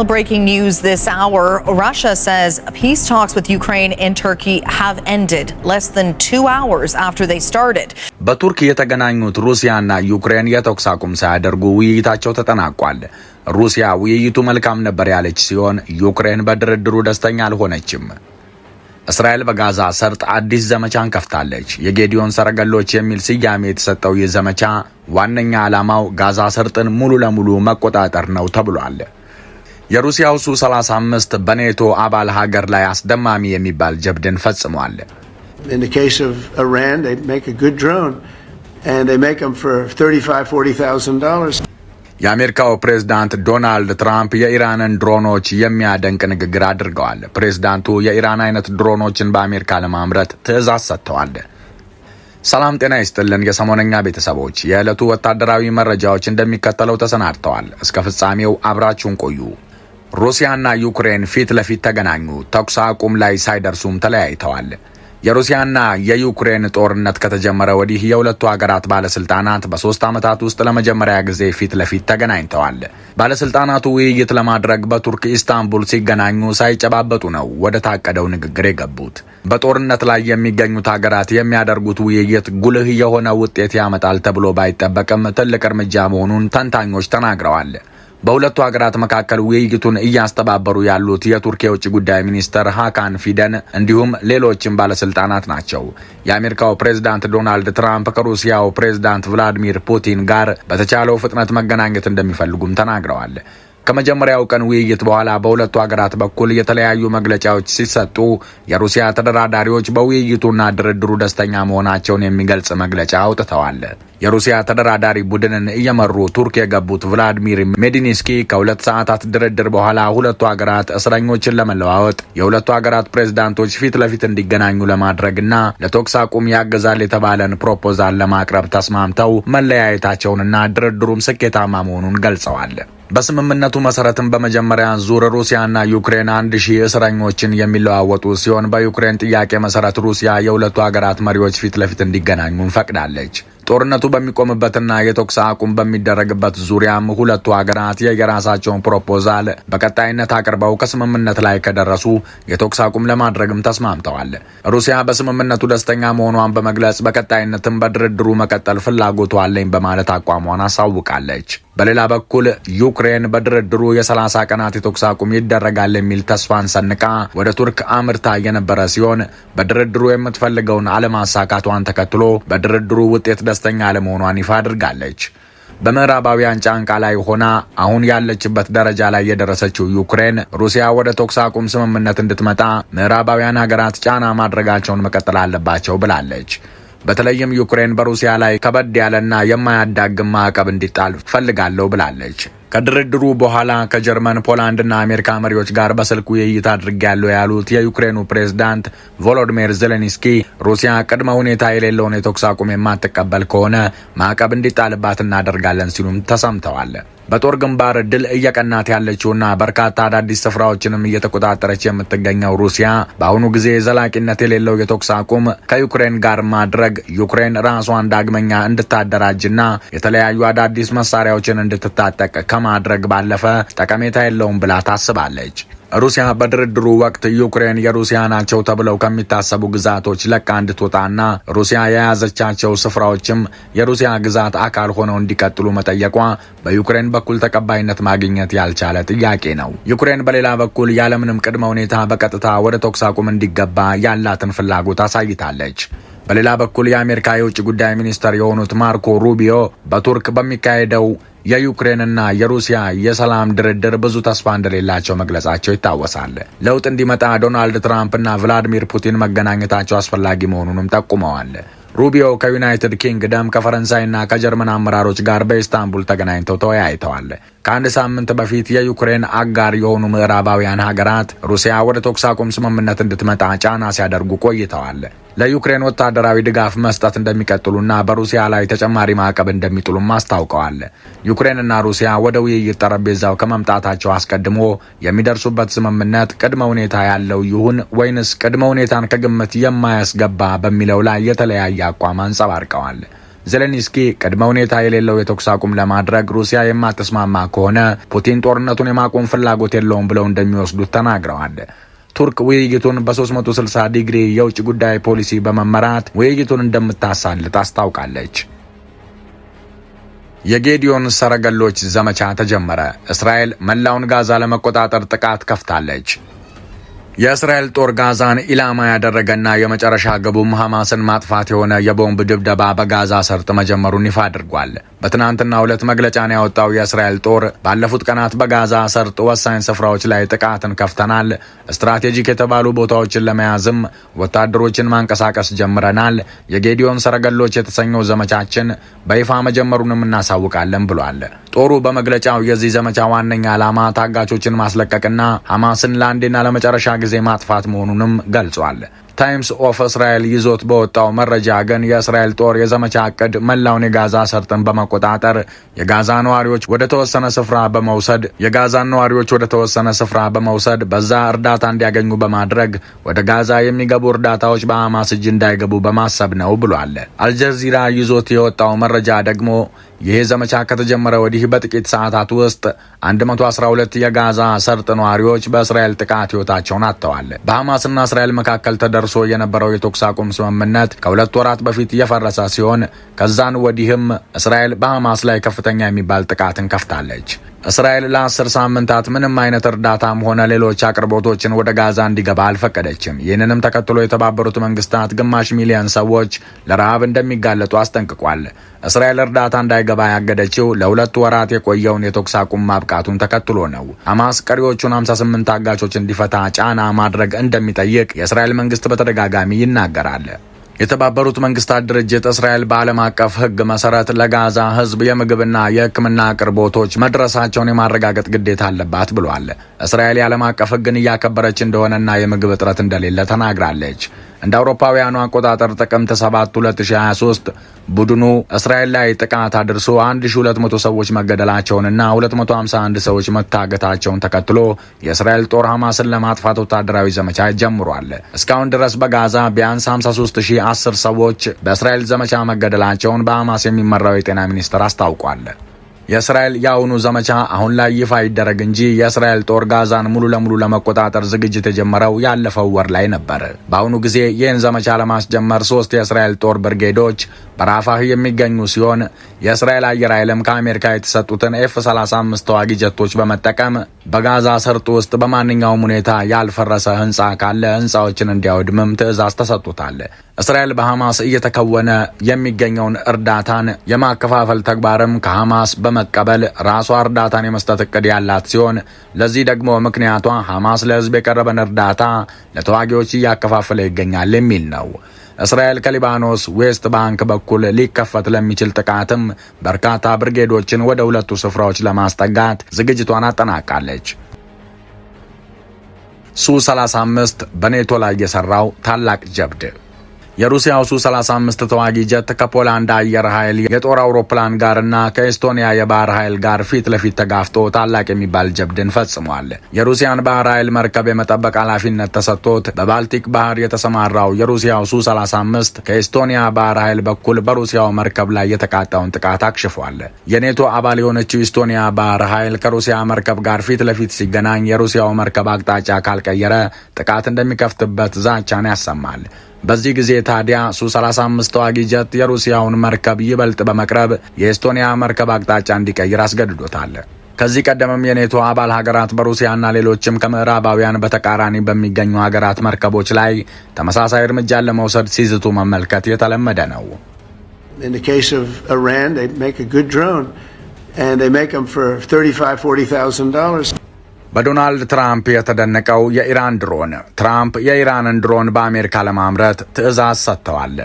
Well, breaking news this hour Russia says peace talks with Ukraine and Turkey have ended less than two hours after they started. በቱርክ የተገናኙት ሩሲያና ዩክሬን የተኩስ አቁም ሳያደርጉ ውይይታቸው ተጠናቋል። ሩሲያ ውይይቱ መልካም ነበር ያለች ሲሆን ዩክሬን በድርድሩ ደስተኛ አልሆነችም። እስራኤል በጋዛ ሰርጥ አዲስ ዘመቻን ከፍታለች። የጌዲዮን ሰረገሎች የሚል ስያሜ የተሰጠው ይህ ዘመቻ ዋነኛ ዓላማው ጋዛ ሰርጥን ሙሉ ለሙሉ መቆጣጠር ነው ተብሏል። የሩሲያው ሱ 35 በኔቶ አባል ሀገር ላይ አስደማሚ የሚባል ጀብድን ፈጽሟል። የአሜሪካው ፕሬዝዳንት ዶናልድ ትራምፕ የኢራንን ድሮኖች የሚያደንቅ ንግግር አድርገዋል። ፕሬዝዳንቱ የኢራን አይነት ድሮኖችን በአሜሪካ ለማምረት ትዕዛዝ ሰጥተዋል። ሰላም ጤና ይስጥልን የሰሞነኛ ቤተሰቦች፣ የዕለቱ ወታደራዊ መረጃዎች እንደሚከተለው ተሰናድተዋል። እስከ ፍጻሜው አብራችሁን ቆዩ። ሩሲያና ዩክሬን ፊት ለፊት ተገናኙ። ተኩስ አቁም ላይ ሳይደርሱም ተለያይተዋል። የሩሲያና የዩክሬን ጦርነት ከተጀመረ ወዲህ የሁለቱ ሀገራት ባለስልጣናት በሶስት ዓመታት ውስጥ ለመጀመሪያ ጊዜ ፊት ለፊት ተገናኝተዋል። ባለስልጣናቱ ውይይት ለማድረግ በቱርክ ኢስታንቡል ሲገናኙ ሳይጨባበጡ ነው ወደ ታቀደው ንግግር የገቡት። በጦርነት ላይ የሚገኙት ሀገራት የሚያደርጉት ውይይት ጉልህ የሆነ ውጤት ያመጣል ተብሎ ባይጠበቅም ትልቅ እርምጃ መሆኑን ተንታኞች ተናግረዋል። በሁለቱ ሀገራት መካከል ውይይቱን እያስተባበሩ ያሉት የቱርክ የውጭ ጉዳይ ሚኒስትር ሃካን ፊደን እንዲሁም ሌሎችም ባለስልጣናት ናቸው። የአሜሪካው ፕሬዝዳንት ዶናልድ ትራምፕ ከሩሲያው ፕሬዝዳንት ቭላዲሚር ፑቲን ጋር በተቻለው ፍጥነት መገናኘት እንደሚፈልጉም ተናግረዋል። ከመጀመሪያው ቀን ውይይት በኋላ በሁለቱ ሀገራት በኩል የተለያዩ መግለጫዎች ሲሰጡ የሩሲያ ተደራዳሪዎች በውይይቱና ድርድሩ ደስተኛ መሆናቸውን የሚገልጽ መግለጫ አውጥተዋል። የሩሲያ ተደራዳሪ ቡድንን እየመሩ ቱርክ የገቡት ቭላዲሚር ሜዲኒስኪ ከሁለት ሰዓታት ድርድር በኋላ ሁለቱ ሀገራት እስረኞችን ለመለዋወጥ የሁለቱ ሀገራት ፕሬዝዳንቶች ፊት ለፊት እንዲገናኙ ለማድረግና ለተኩስ አቁም ያገዛል የተባለን ፕሮፖዛል ለማቅረብ ተስማምተው መለያየታቸውንና ድርድሩም ስኬታማ መሆኑን ገልጸዋል። በስምምነቱ መሰረትም በመጀመሪያ ዙር ሩሲያና ዩክሬን አንድ ሺህ እስረኞችን የሚለዋወጡ ሲሆን በዩክሬን ጥያቄ መሰረት ሩሲያ የሁለቱ ሀገራት መሪዎች ፊት ለፊት እንዲገናኙ ፈቅዳለች። ጦርነቱ በሚቆምበትና የተኩስ አቁም በሚደረግበት ዙሪያም ሁለቱ ሀገራት የየራሳቸውን ፕሮፖዛል በቀጣይነት አቅርበው ከስምምነት ላይ ከደረሱ የተኩስ አቁም ለማድረግም ተስማምተዋል። ሩሲያ በስምምነቱ ደስተኛ መሆኗን በመግለጽ በቀጣይነትም በድርድሩ መቀጠል ፍላጎቱ አለኝ በማለት አቋሟን አሳውቃለች። በሌላ በኩል ዩክሬን በድርድሩ የ30 ቀናት የተኩስ አቁም ይደረጋል የሚል ተስፋን ሰንቃ ወደ ቱርክ አምርታ የነበረ ሲሆን በድርድሩ የምትፈልገውን አለማሳካቷን ተከትሎ በድርድሩ ውጤት ደስተኛ አለመሆኗን ይፋ አድርጋለች። በምዕራባውያን ጫንቃ ላይ ሆና አሁን ያለችበት ደረጃ ላይ የደረሰችው ዩክሬን ሩሲያ ወደ ተኩስ አቁም ስምምነት እንድትመጣ ምዕራባውያን ሀገራት ጫና ማድረጋቸውን መቀጠል አለባቸው ብላለች። በተለይም ዩክሬን በሩሲያ ላይ ከበድ ያለና የማያዳግም ማዕቀብ እንዲጣል ፈልጋለሁ ብላለች። ከድርድሩ በኋላ ከጀርመን ፖላንድና አሜሪካ መሪዎች ጋር በስልክ ውይይት አድርጌያለሁ ያሉት የዩክሬኑ ፕሬዝዳንት ቮሎዲሚር ዜሌንስኪ ሩሲያ ቅድመ ሁኔታ የሌለውን የተኩስ አቁም የማትቀበል ከሆነ ማዕቀብ እንዲጣልባት እናደርጋለን ሲሉም ተሰምተዋል። በጦር ግንባር ድል እየቀናት ያለችውና በርካታ አዳዲስ ስፍራዎችንም እየተቆጣጠረች የምትገኘው ሩሲያ በአሁኑ ጊዜ ዘላቂነት የሌለው የተኩስ አቁም ከዩክሬን ጋር ማድረግ ዩክሬን ራሷን ዳግመኛ እንድታደራጅና የተለያዩ አዳዲስ መሳሪያዎችን እንድትታጠቅ ከማድረግ ባለፈ ጠቀሜታ የለውም ብላ ታስባለች። ሩሲያ በድርድሩ ወቅት ዩክሬን የሩሲያ ናቸው ተብለው ከሚታሰቡ ግዛቶች ለቃ እንድትወጣና ሩሲያ የያዘቻቸው ስፍራዎችም የሩሲያ ግዛት አካል ሆነው እንዲቀጥሉ መጠየቋ በዩክሬን በኩል ተቀባይነት ማግኘት ያልቻለ ጥያቄ ነው። ዩክሬን በሌላ በኩል ያለምንም ቅድመ ሁኔታ በቀጥታ ወደ ተኩስ አቁም እንዲገባ ያላትን ፍላጎት አሳይታለች። በሌላ በኩል የአሜሪካ የውጭ ጉዳይ ሚኒስትር የሆኑት ማርኮ ሩቢዮ በቱርክ በሚካሄደው የዩክሬንና የሩሲያ የሰላም ድርድር ብዙ ተስፋ እንደሌላቸው መግለጻቸው ይታወሳል። ለውጥ እንዲመጣ ዶናልድ ትራምፕና ቭላዲሚር ፑቲን መገናኘታቸው አስፈላጊ መሆኑንም ጠቁመዋል። ሩቢዮ ከዩናይትድ ኪንግደም ከፈረንሳይና ከጀርመን አመራሮች ጋር በኢስታንቡል ተገናኝተው ተወያይተዋል። ከአንድ ሳምንት በፊት የዩክሬን አጋር የሆኑ ምዕራባውያን ሀገራት ሩሲያ ወደ ተኩስ አቁም ስምምነት እንድትመጣ ጫና ሲያደርጉ ቆይተዋል። ለዩክሬን ወታደራዊ ድጋፍ መስጠት እንደሚቀጥሉና በሩሲያ ላይ ተጨማሪ ማዕቀብ እንደሚጥሉም አስታውቀዋል። ዩክሬንና ሩሲያ ወደ ውይይት ጠረጴዛው ከመምጣታቸው አስቀድሞ የሚደርሱበት ስምምነት ቅድመ ሁኔታ ያለው ይሁን ወይንስ ቅድመ ሁኔታን ከግምት የማያስገባ በሚለው ላይ የተለያየ አቋም አንጸባርቀዋል። ዘለንስኪ ቅድመ ሁኔታ የሌለው የተኩስ አቁም ለማድረግ ሩሲያ የማትስማማ ከሆነ ፑቲን ጦርነቱን የማቆም ፍላጎት የለውም ብለው እንደሚወስዱት ተናግረዋል። ቱርክ ውይይቱን በ360 ዲግሪ የውጭ ጉዳይ ፖሊሲ በመመራት ውይይቱን እንደምታሳልጥ አስታውቃለች። የጌዲዮን ሰረገሎች ዘመቻ ተጀመረ። እስራኤል መላውን ጋዛ ለመቆጣጠር ጥቃት ከፍታለች። የእስራኤል ጦር ጋዛን ኢላማ ያደረገና የመጨረሻ ግቡም ሐማስን ማጥፋት የሆነ የቦምብ ድብደባ በጋዛ ሰርጥ መጀመሩን ይፋ አድርጓል። በትናንትናው ዕለት መግለጫን ያወጣው የእስራኤል ጦር ባለፉት ቀናት በጋዛ ሰርጥ ወሳኝ ስፍራዎች ላይ ጥቃትን ከፍተናል፣ ስትራቴጂክ የተባሉ ቦታዎችን ለመያዝም ወታደሮችን ማንቀሳቀስ ጀምረናል፣ የጌዲዮን ሰረገሎች የተሰኘው ዘመቻችን በይፋ መጀመሩንም እናሳውቃለን ብሏል። ጦሩ በመግለጫው የዚህ ዘመቻ ዋነኛ ዓላማ ታጋቾችን ማስለቀቅና ሐማስን ለአንዴና ለመጨረሻ ጊዜ ማጥፋት መሆኑንም ገልጿል። ታይምስ ኦፍ እስራኤል ይዞት በወጣው መረጃ ግን የእስራኤል ጦር የዘመቻ እቅድ መላውን የጋዛ ሰርጥን በመቆጣጠር የጋዛ ነዋሪዎች ወደ ተወሰነ ስፍራ በመውሰድ የጋዛ ነዋሪዎች ወደ ተወሰነ ስፍራ በመውሰድ በዛ እርዳታ እንዲያገኙ በማድረግ ወደ ጋዛ የሚገቡ እርዳታዎች በሐማስ እጅ እንዳይገቡ በማሰብ ነው ብሏል። አልጀዚራ ይዞት የወጣው መረጃ ደግሞ ይህ ዘመቻ ከተጀመረ ወዲህ በጥቂት ሰዓታት ውስጥ 112 የጋዛ ሰርጥ ነዋሪዎች በእስራኤል ጥቃት ሕይወታቸውን አጥተዋል። በሐማስና እስራኤል መካከል ተደርሶ የነበረው የተኩስ አቁም ስምምነት ከሁለት ወራት በፊት የፈረሰ ሲሆን ከዛን ወዲህም እስራኤል በሐማስ ላይ ከፍተኛ የሚባል ጥቃትን ከፍታለች። እስራኤል ለአስር ሳምንታት ምንም አይነት እርዳታም ሆነ ሌሎች አቅርቦቶችን ወደ ጋዛ እንዲገባ አልፈቀደችም። ይህንንም ተከትሎ የተባበሩት መንግስታት ግማሽ ሚሊዮን ሰዎች ለረሃብ እንደሚጋለጡ አስጠንቅቋል። እስራኤል እርዳታ እንዳይገባ ያገደችው ለሁለት ወራት የቆየውን የተኩስ አቁም ማብቃቱን ተከትሎ ነው። ሐማስ ቀሪዎቹን 58 አጋቾች እንዲፈታ ጫና ማድረግ እንደሚጠይቅ የእስራኤል መንግስት በተደጋጋሚ ይናገራል። የተባበሩት መንግስታት ድርጅት እስራኤል በዓለም አቀፍ ህግ መሰረት ለጋዛ ህዝብ የምግብና የህክምና አቅርቦቶች መድረሳቸውን የማረጋገጥ ግዴታ አለባት ብሏል። እስራኤል የዓለም አቀፍ ህግን እያከበረች እንደሆነና የምግብ እጥረት እንደሌለ ተናግራለች። እንደ አውሮፓውያኑ አቆጣጠር ጥቅምት 7 2023 ቡድኑ እስራኤል ላይ ጥቃት አድርሶ 1200 ሰዎች መገደላቸውንና 251 ሰዎች መታገታቸውን ተከትሎ የእስራኤል ጦር ሐማስን ለማጥፋት ወታደራዊ ዘመቻ ጀምሯል። እስካሁን ድረስ በጋዛ ቢያንስ 53010 ሰዎች በእስራኤል ዘመቻ መገደላቸውን በሐማስ የሚመራው የጤና ሚኒስቴር አስታውቋል። የእስራኤል የአሁኑ ዘመቻ አሁን ላይ ይፋ ይደረግ እንጂ የእስራኤል ጦር ጋዛን ሙሉ ለሙሉ ለመቆጣጠር ዝግጅት የጀመረው ያለፈው ወር ላይ ነበር። በአሁኑ ጊዜ ይህን ዘመቻ ለማስጀመር ሶስት የእስራኤል ጦር ብርጌዶች በራፋህ የሚገኙ ሲሆን የእስራኤል አየር ኃይልም ከአሜሪካ የተሰጡትን ኤፍ 35 ተዋጊ ጀቶች በመጠቀም በጋዛ ሰርጥ ውስጥ በማንኛውም ሁኔታ ያልፈረሰ ህንፃ ካለ ህንፃዎችን እንዲያወድምም ትዕዛዝ ተሰጥቶታል። እስራኤል በሐማስ እየተከወነ የሚገኘውን እርዳታን የማከፋፈል ተግባርም ከሐማስ በመቀበል ራሷ እርዳታን የመስጠት እቅድ ያላት ሲሆን ለዚህ ደግሞ ምክንያቷ ሐማስ ለህዝብ የቀረበን እርዳታ ለተዋጊዎች እያከፋፈለ ይገኛል የሚል ነው። እስራኤል ከሊባኖስ ዌስት ባንክ በኩል ሊከፈት ለሚችል ጥቃትም በርካታ ብርጌዶችን ወደ ሁለቱ ስፍራዎች ለማስጠጋት ዝግጅቷን አጠናቃለች። ሱ 35 በኔቶ ላይ የሰራው ታላቅ ጀብድ የሩሲያው ሱ 35 ተዋጊ ጀት ከፖላንድ አየር ኃይል የጦር አውሮፕላን ጋርና ከኤስቶኒያ የባህር ኃይል ጋር ፊት ለፊት ተጋፍቶ ታላቅ የሚባል ጀብድን ፈጽሟል። የሩሲያን ባህር ኃይል መርከብ የመጠበቅ ኃላፊነት ተሰጥቶት በባልቲክ ባህር የተሰማራው የሩሲያው ሱ 35 ከኤስቶኒያ ባህር ኃይል በኩል በሩሲያው መርከብ ላይ የተቃጣውን ጥቃት አክሽፏል። የኔቶ አባል የሆነችው ኢስቶኒያ ባህር ኃይል ከሩሲያ መርከብ ጋር ፊት ለፊት ሲገናኝ የሩሲያው መርከብ አቅጣጫ ካልቀየረ ጥቃት እንደሚከፍትበት ዛቻን ያሰማል። በዚህ ጊዜ ታዲያ ሱ35 ተዋጊ ጀት የሩሲያውን መርከብ ይበልጥ በመቅረብ የኤስቶኒያ መርከብ አቅጣጫ እንዲቀይር አስገድዶታል። ከዚህ ቀደምም የኔቶ አባል ሀገራት በሩሲያና ሌሎችም ከምዕራባውያን በተቃራኒ በሚገኙ ሀገራት መርከቦች ላይ ተመሳሳይ እርምጃን ለመውሰድ ሲዝቱ መመልከት የተለመደ ነው። በዶናልድ ትራምፕ የተደነቀው የኢራን ድሮን። ትራምፕ የኢራንን ድሮን በአሜሪካ ለማምረት ትዕዛዝ ሰጥተዋል።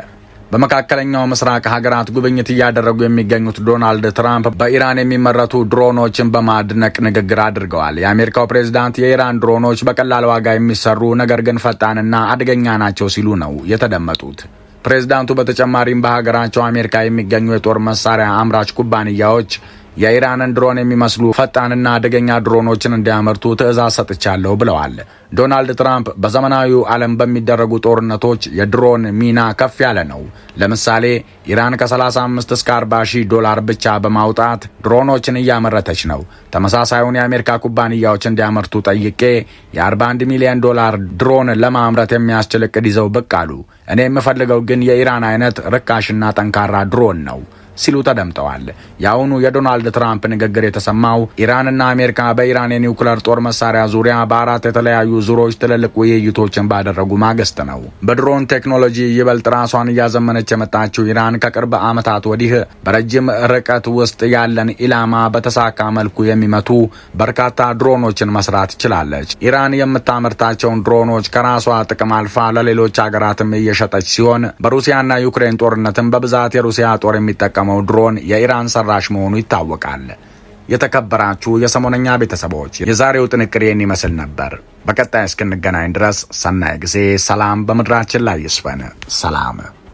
በመካከለኛው ምስራቅ ሀገራት ጉብኝት እያደረጉ የሚገኙት ዶናልድ ትራምፕ በኢራን የሚመረቱ ድሮኖችን በማድነቅ ንግግር አድርገዋል። የአሜሪካው ፕሬዚዳንት የኢራን ድሮኖች በቀላል ዋጋ የሚሰሩ ነገር ግን ፈጣንና አደገኛ ናቸው ሲሉ ነው የተደመጡት። ፕሬዚዳንቱ በተጨማሪም በሀገራቸው አሜሪካ የሚገኙ የጦር መሳሪያ አምራች ኩባንያዎች የኢራንን ድሮን የሚመስሉ ፈጣንና አደገኛ ድሮኖችን እንዲያመርቱ ትዕዛዝ ሰጥቻለሁ ብለዋል። ዶናልድ ትራምፕ በዘመናዊው ዓለም በሚደረጉ ጦርነቶች የድሮን ሚና ከፍ ያለ ነው። ለምሳሌ ኢራን ከ35 እስከ 40 ሺህ ዶላር ብቻ በማውጣት ድሮኖችን እያመረተች ነው። ተመሳሳዩን የአሜሪካ ኩባንያዎች እንዲያመርቱ ጠይቄ የ41 ሚሊዮን ዶላር ድሮን ለማምረት የሚያስችል እቅድ ይዘው ብቅ አሉ። እኔ የምፈልገው ግን የኢራን አይነት ርካሽና ጠንካራ ድሮን ነው። ሲሉ ተደምጠዋል። የአሁኑ የዶናልድ ትራምፕ ንግግር የተሰማው ኢራንና አሜሪካ በኢራን የኒውክሌር ጦር መሳሪያ ዙሪያ በአራት የተለያዩ ዙሮች ትልልቅ ውይይቶችን ባደረጉ ማግስት ነው። በድሮን ቴክኖሎጂ ይበልጥ ራሷን እያዘመነች የመጣችው ኢራን ከቅርብ ዓመታት ወዲህ በረጅም ርቀት ውስጥ ያለን ኢላማ በተሳካ መልኩ የሚመቱ በርካታ ድሮኖችን መስራት ችላለች። ኢራን የምታመርታቸውን ድሮኖች ከራሷ ጥቅም አልፋ ለሌሎች ሀገራትም እየሸጠች ሲሆን በሩሲያና ዩክሬን ጦርነትም በብዛት የሩሲያ ጦር የሚጠቀሙ የተጠቀመው ድሮን የኢራን ሰራሽ መሆኑ ይታወቃል። የተከበራችሁ የሰሞነኛ ቤተሰቦች የዛሬው ይህን ይመስል ነበር። በቀጣይ እስክንገናኝ ድረስ ሰናይ ጊዜ። ሰላም በምድራችን ላይ ይስፈን። ሰላም